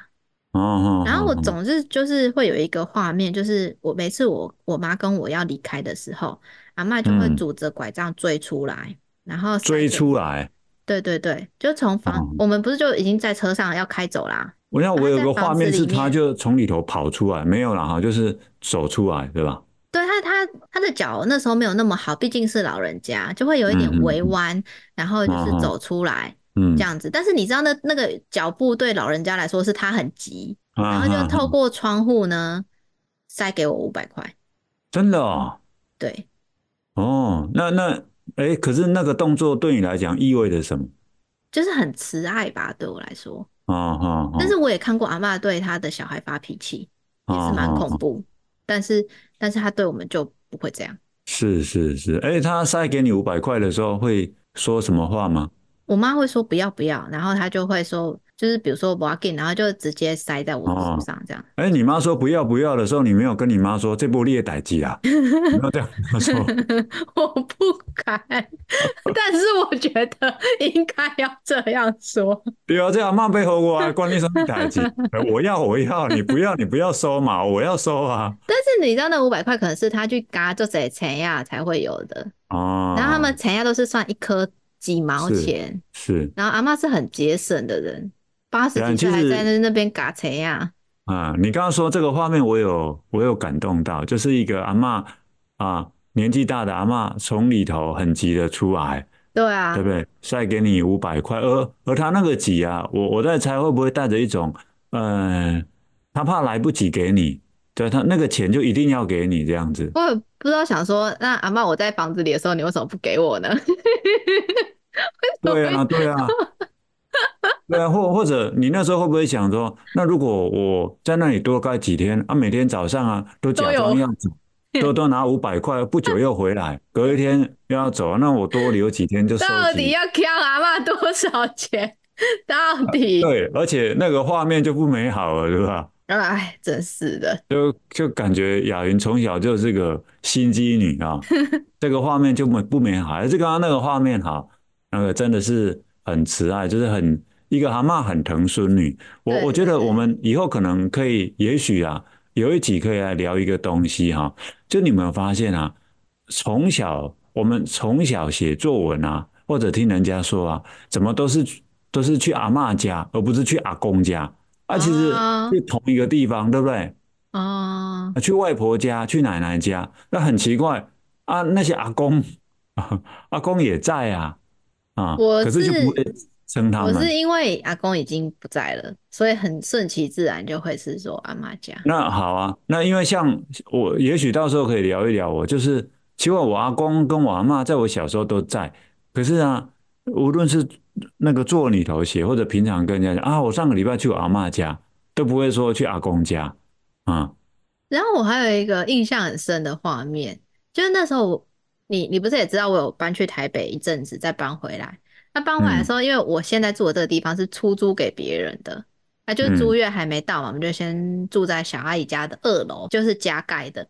哦哦、然後我總是就是會有一個畫面，就是我每次我我媽跟我要離開的時候，阿媽就會拄着拐杖追出來，嗯、然後追出來。對對對，就從房，哦、我們不是就已經在車上要開走啦。我那、啊、我有個畫面是他就從裡頭跑出來，沒有啦。哈，就是走出來，對吧？對，他他他的腳那時候沒有那麼好，畢竟是老人家，就會有一點微彎，嗯嗯，然後就是走出來，嗯，這樣子。啊嗯、但是你知道那那個腳步對老人家來說是他很急，啊、哈然後就透過窗戶呢、啊、哈塞給我五百塊，真的哦？哦，對，哦，那那。哎、欸，可是那個動作對你來講意味着什麼？就是很慈愛吧，對我來說。啊哈、哦。哦、但是我也看過阿嬤對她的小孩發脾氣，哦、也是蠻恐怖。哦、但是，但是她對我們就不會這樣。是是是，而且她塞給你五百塊的時候會說什麼話嗎？我媽會說不要不要，然後她就會說。就是比如說我 a r i n 然後就直接塞在我的手上這樣。哎，你媽說不要不要的時候，你沒有跟你媽說這部獵逮機啊？不要這樣，我不敢，但是我覺得應該要這樣說。如要這樣罵背後我，關你什麼逮機？我要我要，你不要你不要收嘛，我要收啊。但是你知道那五百塊可能是他去嘎做誰採呀才會有的哦。然後他們採呀都是算一顆幾毛錢，是。然後阿媽是很節省的人。八十幾歲還在那那邊嘎扯呀！啊，嗯、你剛剛說這個畫面，我有我有感動到，就是一個阿嬤啊，年紀大的阿嬤從裡頭很急的出來，對啊，對不對？塞給你五百塊，而而他那個急啊，我我在猜會不會帶着一種，嗯、呃，他怕來不及給你，對他那個錢就一定要給你這樣子。我也不知道想說，那阿嬤我在房子裡的時候，你為什麼不給我呢？ *laughs* 對啊，對啊。啊 *laughs* *laughs* 對啊，或或者你那時候會不會想說，那如果我在那裡多待幾天啊，每天早上啊都假裝要走，多都有 *laughs* 多拿五百塊，不久又回來，隔一天又要走，那我多留幾天，就是到底要坑阿媽多少錢？到底、啊、對，而且那個畫面就不美好了，對吧？哎，真是的，就就感覺雅云從小就是個心機女啊，這個畫面就不美好，還是剛剛那個畫面好，那、呃、個真的是。很慈愛，就是很一個阿嬤，很疼孫女。我對對對，我覺得我們以後可能可以，也許啊，有一集可以來聊一個東西哈。就你有沒有發現啊？從小我們從小寫作文啊，或者聽人家說啊，怎麼都是都是去阿嬤家，而不是去阿公家。啊，其實是同一個地方，oh. 對不對？啊，oh. 去外婆家，去奶奶家，那很奇怪啊。那些阿公，啊，阿公也在啊。啊，嗯、我是，可是就不會稱他們，我是因為阿公已經不在了，所以很順其自然就會是說阿嬤家。那好啊，那因為像我，也許到時候可以聊一聊我。我就是，希望我阿公跟我阿嬤在我小時候都在，可是啊，無論是那個作文裡頭寫，或者平常跟人家講啊，我上個禮拜去我阿嬤家，都不會說去阿公家啊。嗯、然後我還有一個印象很深的畫面，就是那時候我。你你不是也知道我有搬去台北一陣子，再搬回來。那搬回來的時候，因為我現在住的這個地方是出租給別人的，那就租約還沒到嘛，我們就先住在小阿姨家的二樓，就是加蓋的。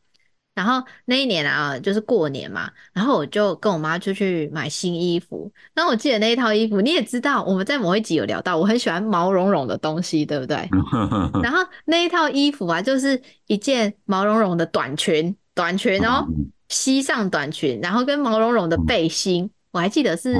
然後那一年啊，就是過年嘛，然後我就跟我媽出去買新衣服。那我記得那一套衣服，你也知道，我們在某一集有聊到，我很喜歡毛茸茸的東西，對不對？ *laughs* 然後那一套衣服啊，就是一件毛茸茸的短裙，短裙哦。西裝短裙，然後跟毛茸茸的背心，嗯、我還記得是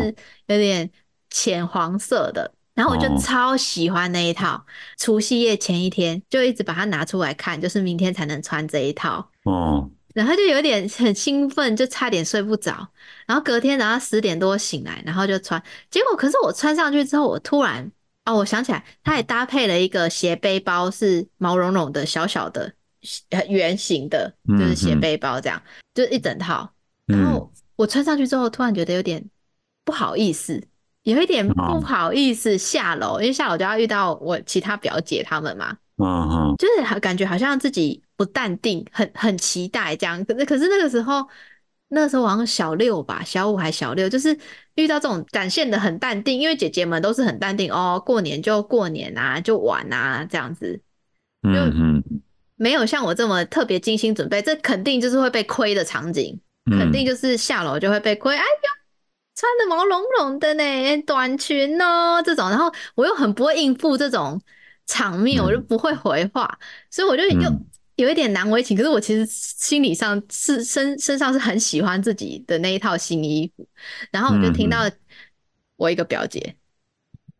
有點淺黃色的，嗯、然後我就超喜歡那一套。嗯、除夕夜前一天就一直把它拿出來看，就是明天才能穿這一套。哦、嗯，然後就有點很興奮，就差點睡不着。然後隔天，然後十點多醒來，然後就穿。結果可是我穿上去之後，我突然哦，我想起來，它也搭配了一個斜背包，是毛茸茸的小小的。原圓形的，就是斜背包這樣，嗯、哼就是一整套。然後我穿上去之後，嗯、突然覺得有點不好意思，有一點不好意思下樓，哦、因為下樓就要遇到我其他表姐他們嘛。哦、就是感覺好像自己不淡定，很很期待這樣。可是可是那個時候，那時候好像小六吧，小五還小六，就是遇到這種展現得很淡定，因為姐姐們都是很淡定哦，過年就過年啊，就玩啊這樣子。嗯嗯。沒有像我這麼特別精心準備，這肯定就是會被虧的場景，嗯、肯定就是下樓就會被虧。哎呀，穿的毛茸茸的呢，短裙哦，這種，然後我又很不會應付這種場面，我就不會回話，嗯、所以我就又有一點難為情。嗯、可是我其實心理上是身身上是很喜歡自己的那一套新衣服，然後我就聽到我一個表姐，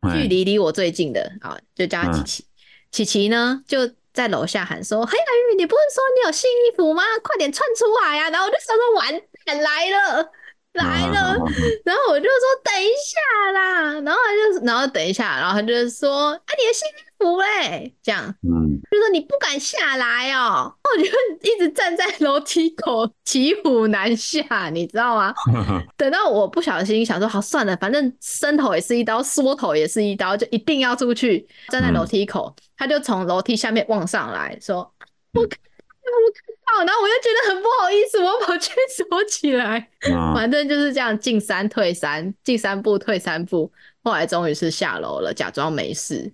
嗯、距離離我最近的啊、嗯，就叫琪琪，嗯、琪琪呢就。在樓下喊說：“嘿，阿玉，你不是說你有新衣服嗎？快點穿出來呀、啊！”然後我就說，說完：“說晚點來了，來了。” oh. 然後我就說：“等一下啦。”然後他就，然後等一下，然後他就說：“啊，你的新衣服。”不嘞，這樣，嗯，就說你不敢下來哦、喔，我就一直站在樓梯口，騎虎難下，你知道嗎？ *laughs* 等到我不小心想說，好算了，反正伸頭也是一刀，縮頭也是一刀，就一定要出去，站在樓梯口，嗯、他就從樓梯下面望上來說，我看到，我看到，然後我就覺得很不好意思，我跑去躲起來，嗯、反正就是這樣進山山，進三退三，進三步退三步，後來終於是下樓了，假裝沒事。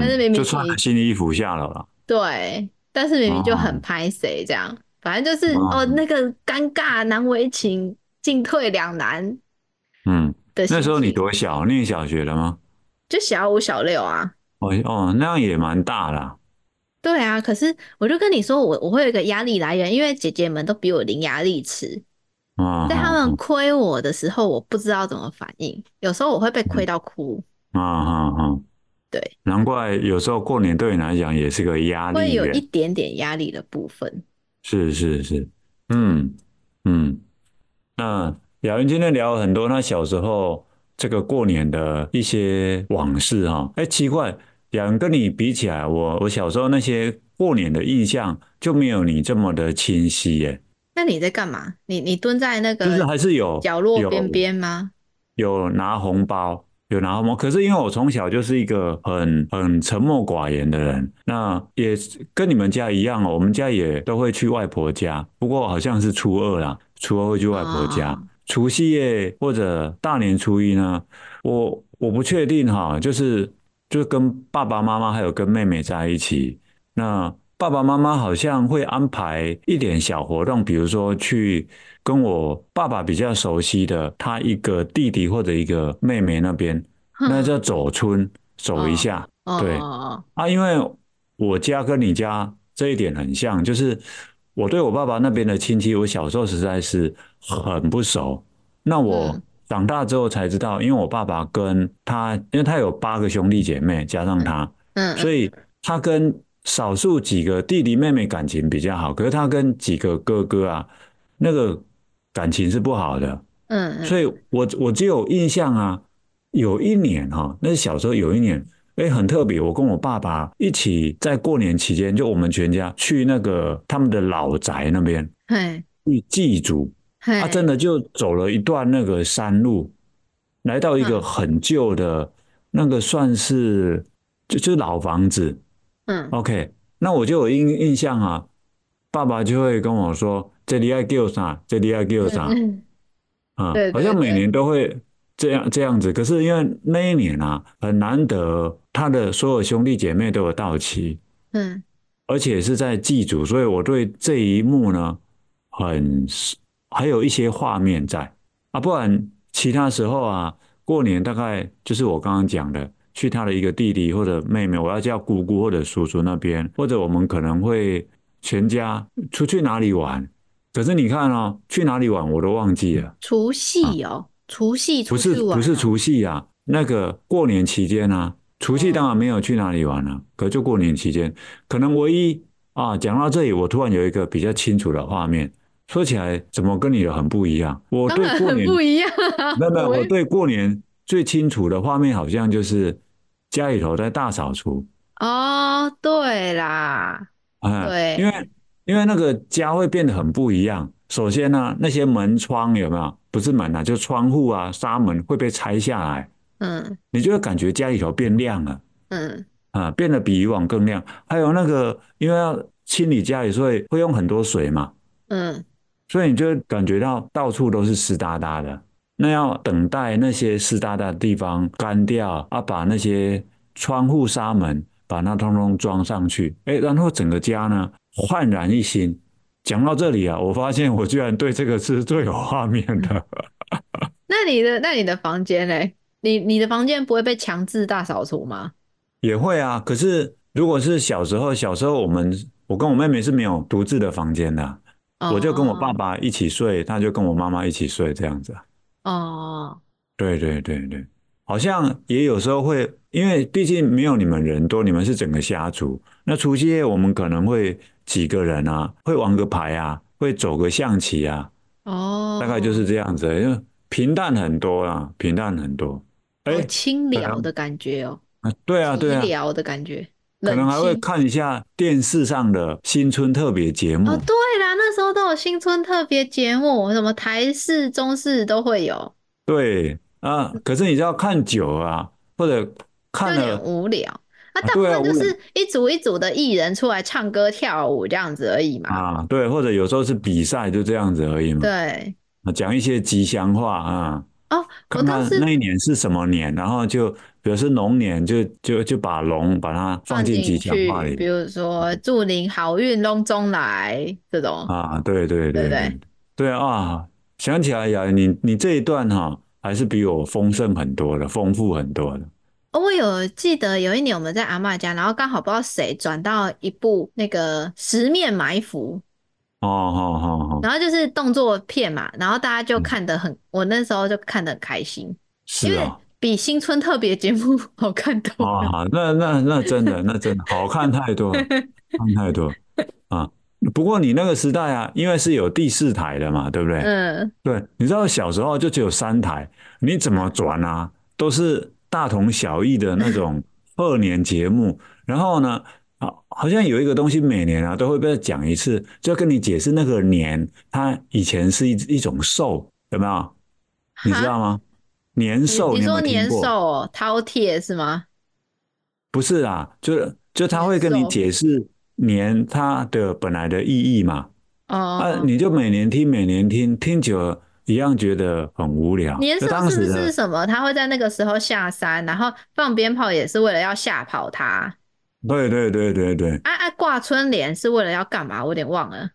但是明明就穿了新衣服下了啦。對，但是明明就很拍謝這樣，反正就是哦，哦，那個尷尬、難為情、進退兩難。嗯，那時候你多小？念、那個、小學了嗎？就小五、小六啊。哦哦，那樣也蠻大啦。對啊，可是我就跟你說我，我我會有一個壓力來源，因為姐姐們都比我伶牙俐齒啊。哦、在他們虧我的時候，我不知道怎麼反應。有時候我會被虧到哭。嗯嗯嗯。哦對，難怪有時候過年對你來講也是個壓力，會有一點點壓力的部分。是是是，嗯嗯。那雅雲今天聊很多，他小時候這個過年的一些往事哈、哦。哎、欸，奇怪，雅雲跟你比起來，我我小時候那些過年的印象就沒有你這麼的清晰耶。那你在幹嘛？你你蹲在那個邊邊，就是還是有角落邊邊嗎？有拿紅包。有拿嗎？可是因為我從小就是一個很很沉默寡言的人，那也跟你們家一樣哦、喔。我們家也都會去外婆家，不過好像是初二啦，初二會去外婆家，除夕夜或者大年初一呢，我我不確定哈、喔，就是就是跟爸爸媽媽還有跟妹妹在一起，那。爸爸媽媽好像會安排一點小活動，比如說去跟我爸爸比較熟悉的他一個弟弟或者一個妹妹那邊，嗯、那叫走春走一下。哦、對、哦哦、啊，因為我家跟你家這一點很像，就是我對我爸爸那邊的親戚，我小時候實在是很不熟。那我長大之後才知道，嗯、因為我爸爸跟他，因為他有八個兄弟姐妹加上他，嗯嗯、所以他跟。少數幾個弟弟妹妹感情比較好，可是他跟幾個哥哥啊，那個感情是不好的。嗯，所以我我只有印象啊，有一年哈，那是小時候，有一年，哎、欸，很特別。我跟我爸爸一起在過年期間，就我們全家去那個他們的老宅那邊，嘿去祭祖。他嘿、啊、真的就走了一段那個山路，來到一個很舊的那個算是就、嗯、就是老房子。嗯，OK，那我就有印印象啊，爸爸就會跟我說：“這裡要給我啥，這裡要給我啥。” *laughs* 嗯，啊，好像每年都會這樣這樣子。可是因為那一年啊，很難得他的所有兄弟姐妹都有到齊。嗯， *laughs* 而且是在祭祖，所以我對這一幕呢，很還有一些畫面在啊。不然其他時候啊，過年大概就是我剛剛講的。去他的一個弟弟或者妹妹，我要叫姑姑或者叔叔那邊，或者我們可能會全家出去哪裡玩。可是你看哦、喔，去哪裡玩我都忘記了。除夕哦，除夕，不是不是除夕啊，那個過年期間啊，除夕當然沒有去哪裡玩了、啊。可就過年期間，可能唯一啊，講到這裡，我突然有一個比較清楚的畫面。說起來怎麼跟你的很不一樣？我對過年、啊、不一樣、啊，沒有沒有，我對過年最清楚的畫面好像就是。家裡頭在大掃除哦，對啦，啊、對，因為因為那個家會變得很不一樣。首先呢、啊，那些門窗有沒有？不是門啊，就窗戶啊、紗門會被拆下來。嗯，你就會感覺家裡頭變亮了。嗯，啊，變得比以往更亮。還有那個，因為要清理家裡，所以會用很多水嘛。嗯，所以你就會感覺到到處都是濕噠噠的。那要等待那些濕噠噠的地方乾掉啊，把那些窗戶、紗門，把它通通裝上去，哎、欸，然後整個家呢煥然一新。講到這裡啊，我發現我居然對這個是最有畫面的。 *laughs* 那你的那你的房間呢？你你的房間不會被強制大掃除嗎？也會啊。可是如果是小時候，小時候我們我跟我妹妹是沒有獨自的房間的，嗯、我就跟我爸爸一起睡，她就跟我媽媽一起睡，這樣子。哦，oh. 對對對對，好像也有時候會，因為畢竟沒有你們人多，你們是整個家族。那除夕夜我們可能會幾個人啊，會玩個牌啊，會走個象棋啊。哦，oh. 大概就是這樣子，因為平淡很多啊，平淡很多。哎，oh, 清聊的感覺哦。啊，對啊，對啊，聊的感覺。可能還會看一下電視上的新春特別節目。Oh, 對啦。收到新春特別節目，什麼台視、中視都會有。對啊，可是你就要看久了啊，或者看了有點無聊啊，大部分就是一組一組的藝人出來唱歌跳舞這樣子而已嘛。啊，對，或者有時候是比賽，就這樣子而已嘛。對，講一些吉祥話啊。哦，可能那一年是什麼年，然後就。比如龍年，就就就把龍把它放進吉祥話裡，比如說祝您好運龍中來這種啊，對對對對對,對,對啊！想起來呀，你你這一段哈，還是比我豐盛很多的豐富很多的、哦。我有記得有一年我們在阿嬤家，然後剛好不知道誰轉到一部那個《十面埋伏》哦，好好好，哦、然後就是動作片嘛，然後大家就看得很，嗯、我那時候就看得很開心，是啊。比新春特別節目好看多了啊！那那那真的，那真的好看太多， *laughs* 看太多啊！不過你那個時代啊，因為是有第四台的嘛，對不對？嗯，對。你知道小時候就只有三台，你怎麼轉啊？都是大同小異的那種賀年節目。 *laughs* 然後呢，好像有一個東西每年啊都會被講一次，就跟你解釋那個年，它以前是一一種獸，有沒有？你知道嗎？年獸，你說年獸，哦，饕餮是嗎？不是啊，就是就他會跟你解釋年它的本來的意義嘛。哦壽，啊，你就每年聽，每年聽，聽久了一樣覺得很無聊。年獸是，是，是什麼？他會在那個時候下山，然後放鞭炮也是為了要嚇跑他。對對對對對。啊啊，掛春聯是為了要幹嘛？我有點忘了。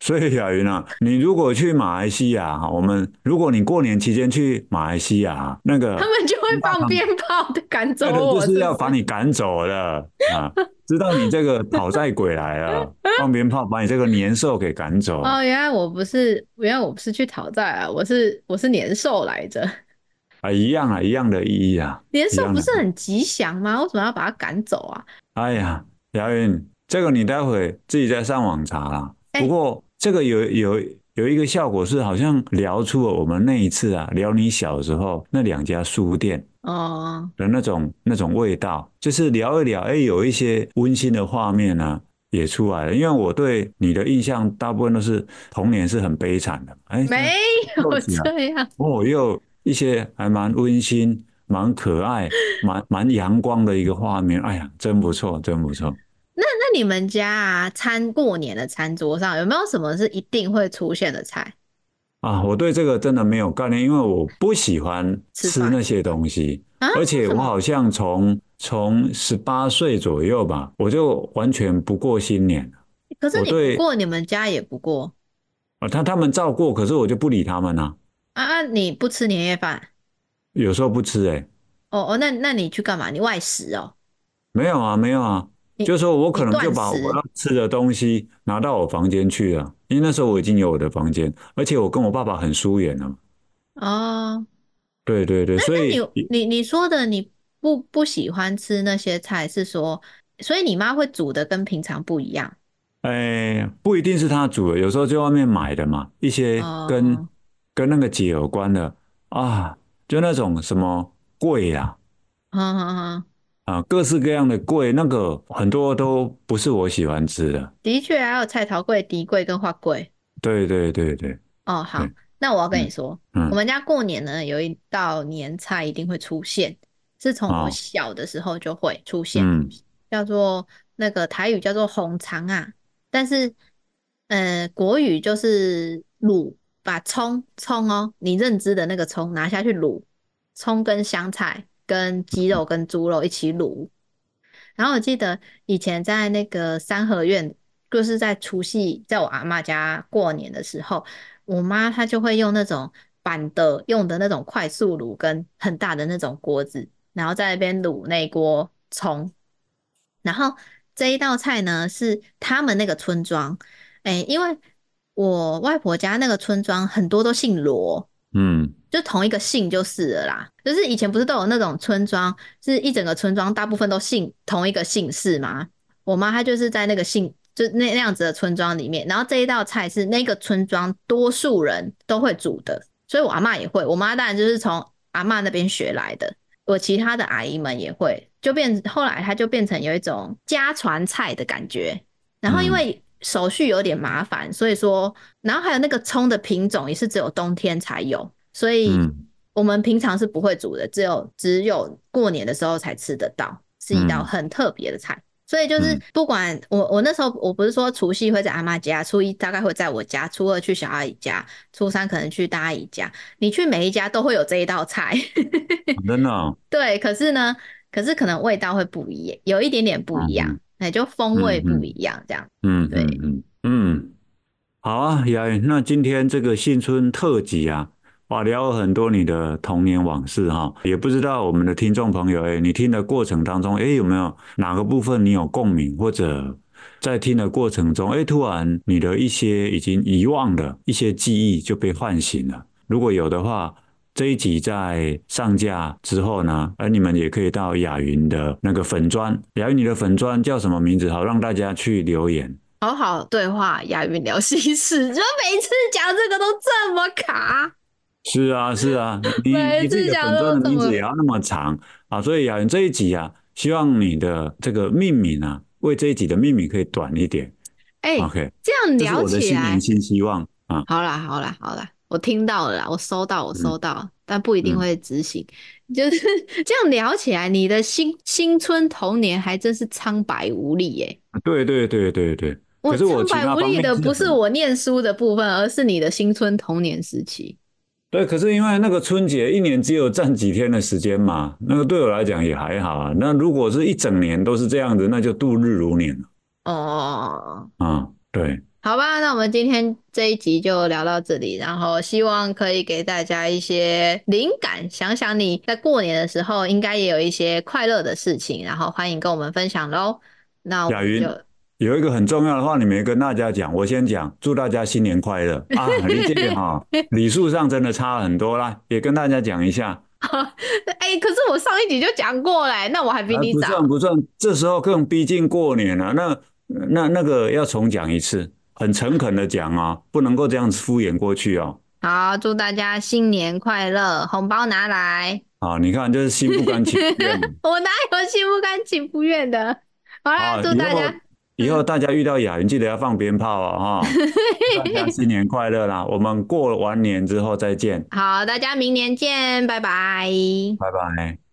所以，小雲啊，你如果去馬來西亞，我們如果你過年期間去馬來西亞，那個他們就會放鞭炮的趕走我，不、啊、是要把你趕走的 *laughs* 啊，知道你這個討債鬼來了，放鞭炮把你這個年獸給趕走。哦，原來我不是，原來我不是去討債啊，我是我是年獸來着。啊，一樣啊，一樣的意義啊，年獸不是很吉祥嗎？為什麼要把它趕走啊？哎呀、啊，小雲，這個你待會自己再上網查啦、啊。欸、不過。這個有有有一個效果是，好像聊出了我們那一次啊，聊你小時候那兩家書店哦的那種那種味道，就是聊一聊，哎，有一些溫馨的畫面呢、啊、也出來了。因為我對你的印象大部分都是童年是很悲慘的，哎，沒有這樣，我、哦、又一些還蠻溫馨、蠻可愛、蠻蠻陽光的一個畫面，哎呀，真不錯，真不錯。你們家啊，餐過年的餐桌上有沒有什麼是一定會出現的菜？啊，我對這個真的沒有概念，因為我不喜歡吃那些東西，啊、而且我好像從從十八歲左右吧，我就完全不過新年。可是你不過，對你們家也不過。啊，他他們照過，可是我就不理他們呢、啊。啊啊，你不吃年夜飯？有時候不吃哎、欸。哦哦，那那你去幹嘛？你外食哦？沒有啊，沒有啊。就是說我可能就把我要吃的東西拿到我房間去了，因為那時候我已經有我的房間，而且我跟我爸爸很疏遠了。哦，對對對、嗯，所以你你，你說的你不不喜歡吃那些菜，是說所以你媽會煮的跟平常不一樣？哎、欸，不一定是她煮的，有時候在外面買的嘛，一些跟、嗯、跟那個節有關的啊，就那種什麼貴呀、啊嗯，嗯嗯嗯。嗯啊，各式各樣的粿，那個很多都不是我喜歡吃的。的確，還有菜頭粿、底粿跟花粿。對對對對。哦，好，對那我要跟你說，嗯嗯、我們家過年呢，有一道年菜一定會出現，是從我小的時候就會出現，哦嗯、叫做那個台語叫做紅腸啊，但是呃國語就是滷，把蔥蔥哦，你認知的那個蔥拿下去滷，蔥跟香菜。跟雞肉跟豬肉一起滷，然後我記得以前在那個三合院，就是在除夕，在我阿嬤家過年的時候，我媽她就會用那種板的用的那種快速滷跟很大的那種鍋子，然後在那邊滷那鍋蔥，然後這一道菜呢，是他們那個村莊，哎、欸，因為我外婆家那個村莊很多都姓羅。嗯，就同一個姓就是了啦，就是以前不是都有那種村莊，是一整個村莊大部分都姓同一個姓氏嗎？我媽她就是在那個姓，就那樣子的村莊裡面，然後這一道菜是那個村莊多數人都會煮的，所以我阿嬤也會，我媽當然就是從阿嬤那邊學來的，我其他的阿姨們也會，就變，後來它就變成有一種家傳菜的感覺，然後因為。嗯手續有點麻煩，所以說，然後還有那個蔥的品種也是只有冬天才有，所以我們平常是不會煮的，只有只有過年的時候才吃得到，是一道很特別的菜。嗯、所以就是不管我我那時候我不是說除夕會在阿嬤家，初一大概會在我家，初二去小阿姨家，初三可能去大阿姨家，你去每一家都會有這一道菜，真的。對，可是呢，可是可能味道會不一樣，有一點點不一樣。嗯那就風味不一樣，這樣，嗯，嗯，對，嗯嗯，嗯，好啊，雅韻，那今天這個新春特輯啊，我聊了很多你的童年往事哈，也不知道我們的聽眾朋友、欸，你聽的過程當中，哎、欸，有沒有哪個部分你有共鳴，或者在聽的過程中，哎、欸，突然你的一些已經遺忘的一些記憶就被喚醒了，如果有的話。這一集在上架之後呢，而你們也可以到雅雲的那個粉專，雅雲你的粉專叫什麼名字好？好讓大家去留言，好好對話，雅雲聊心事。怎麼每次講這個都這麼卡？是啊，是啊，每次講粉專的名字也要那麼長麼啊。所以雅雲這一集啊，希望你的這個命名啊，為這一集的命名可以短一點。哎、欸，OK，這樣聊起來，這是我的新年新希望啊。好啦，好啦，好啦。我聽到了啦，我收到，我收到，嗯、但不一定會執行。嗯、就是這樣聊起來，你的新新春童年還真是蒼白無力哎。對對對對對，可是我蒼白無力的不是我念書的部分，而是你的新春童年時期。對，對，可，可是因為那個春節一年只有佔幾天的時間嘛，那個對我來講也還好、啊。那如果是一整年都是這樣子，那就度日如年、啊、哦哦哦哦哦，嗯，對。好吧，那我們今天這一集就聊到這裡，然後希望可以給大家一些靈感，想想你在過年的時候應該也有一些快樂的事情，然後歡迎跟我們分享嘍。那賈雲有一個很重要的話，你沒跟大家講，我先講，祝大家新年快樂啊！你這邊哈禮數上真的差很多啦，也跟大家講一下。哎、 *laughs* 欸，可是我上一集就講過了、欸，那我還比你早、啊，不算，不算，這時候更逼近過年了、啊，那那那，那個要重講一次。很誠懇的講啊，不能夠這樣敷衍過去哦、啊。好，祝大家新年快樂，紅包拿來。好、啊，你看，就是心不甘情不願。 *laughs* 我哪有心不甘情不願的？好，祝大家以後，以後大家遇到雅雲， *laughs* 記得要放鞭炮啊、哦！哈、哦，新年快樂啦！ *laughs* 我們過完年之後再見。好，大家明年見，拜拜。拜拜。